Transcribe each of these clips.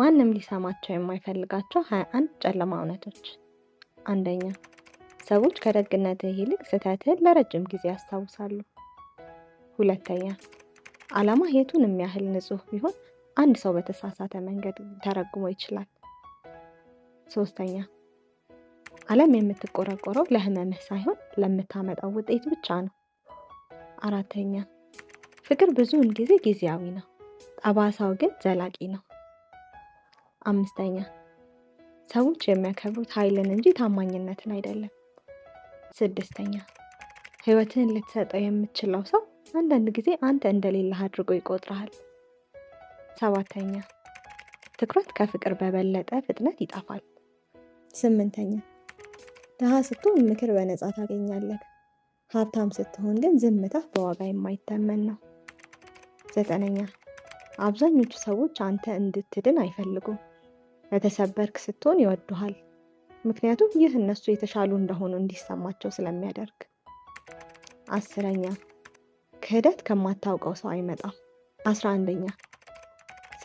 ማንም ሊሰማቸው የማይፈልጋቸው 21 ጨለማ እውነቶች። አንደኛ፣ ሰዎች ከደግነትህ ይልቅ ስህተትህን ለረጅም ጊዜ ያስታውሳሉ። ሁለተኛ፣ አላማ የቱንም ያህል ንጹህ ቢሆን አንድ ሰው በተሳሳተ መንገድ ተረጉሞ ይችላል። ሶስተኛ፣ ዓለም የምትቆረቆረው ለህመምህ ሳይሆን ለምታመጣው ውጤት ብቻ ነው። አራተኛ፣ ፍቅር ብዙውን ጊዜ ጊዜያዊ ነው፣ ጠባሳው ግን ዘላቂ ነው። አምስተኛ ሰዎች የሚያከብሩት ኃይልን እንጂ ታማኝነትን አይደለም። ስድስተኛ ህይወትን ልትሰጠው የምትችለው ሰው አንዳንድ ጊዜ አንተ እንደሌለህ አድርጎ ይቆጥረሃል። ሰባተኛ ትኩረት ከፍቅር በበለጠ ፍጥነት ይጠፋል። ስምንተኛ ድሃ ስትሆን ምክር በነፃ ታገኛለህ። ሀብታም ስትሆን ግን ዝምታ በዋጋ የማይተመን ነው። ዘጠነኛ አብዛኞቹ ሰዎች አንተ እንድትድን አይፈልጉም። በተሰበርክ ስትሆን ይወዱሃል። ምክንያቱም ይህ እነሱ የተሻሉ እንደሆኑ እንዲሰማቸው ስለሚያደርግ። አስረኛ ክህደት ከማታውቀው ሰው አይመጣም። አስራ አንደኛ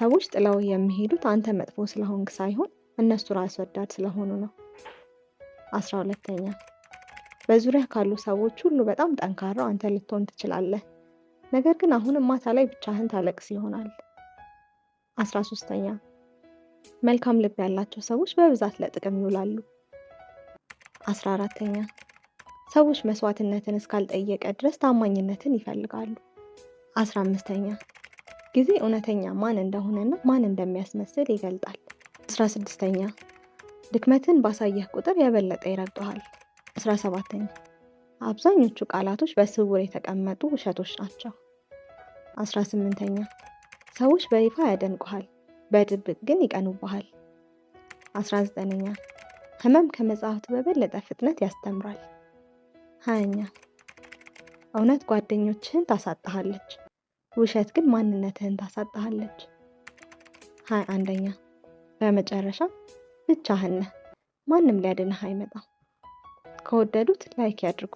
ሰዎች ጥለው የሚሄዱት አንተ መጥፎ ስለሆንክ ሳይሆን እነሱ ራስ ወዳድ ስለሆኑ ነው። አስራ ሁለተኛ በዙሪያ ካሉ ሰዎች ሁሉ በጣም ጠንካራው አንተ ልትሆን ትችላለህ። ነገር ግን አሁንም ማታ ላይ ብቻህን ታለቅስ ይሆናል። አስራ ሶስተኛ መልካም ልብ ያላቸው ሰዎች በብዛት ለጥቅም ይውላሉ። አስራ አራተኛ ሰዎች መስዋዕትነትን እስካልጠየቀ ድረስ ታማኝነትን ይፈልጋሉ። አስራ አምስተኛ ጊዜ እውነተኛ ማን እንደሆነና ማን እንደሚያስመስል ይገልጣል። አስራ ስድስተኛ ድክመትን ባሳየህ ቁጥር የበለጠ ይረግጠሃል። አስራ ሰባተኛ አብዛኞቹ ቃላቶች በስውር የተቀመጡ ውሸቶች ናቸው። አስራ ስምንተኛ ሰዎች በይፋ ያደንቁሃል በድብቅ ግን ይቀኑብሃል። 19ኛ ህመም ከመጽሐፍት በበለጠ ፍጥነት ያስተምራል ሀያኛ እውነት ጓደኞችህን ታሳጣሃለች፣ ውሸት ግን ማንነትህን ታሳጣሃለች ሀያ አንደኛ በመጨረሻ ብቻህን ነህ፣ ማንም ሊያድንህ አይመጣም። ከወደዱት ላይክ ያድርጉ።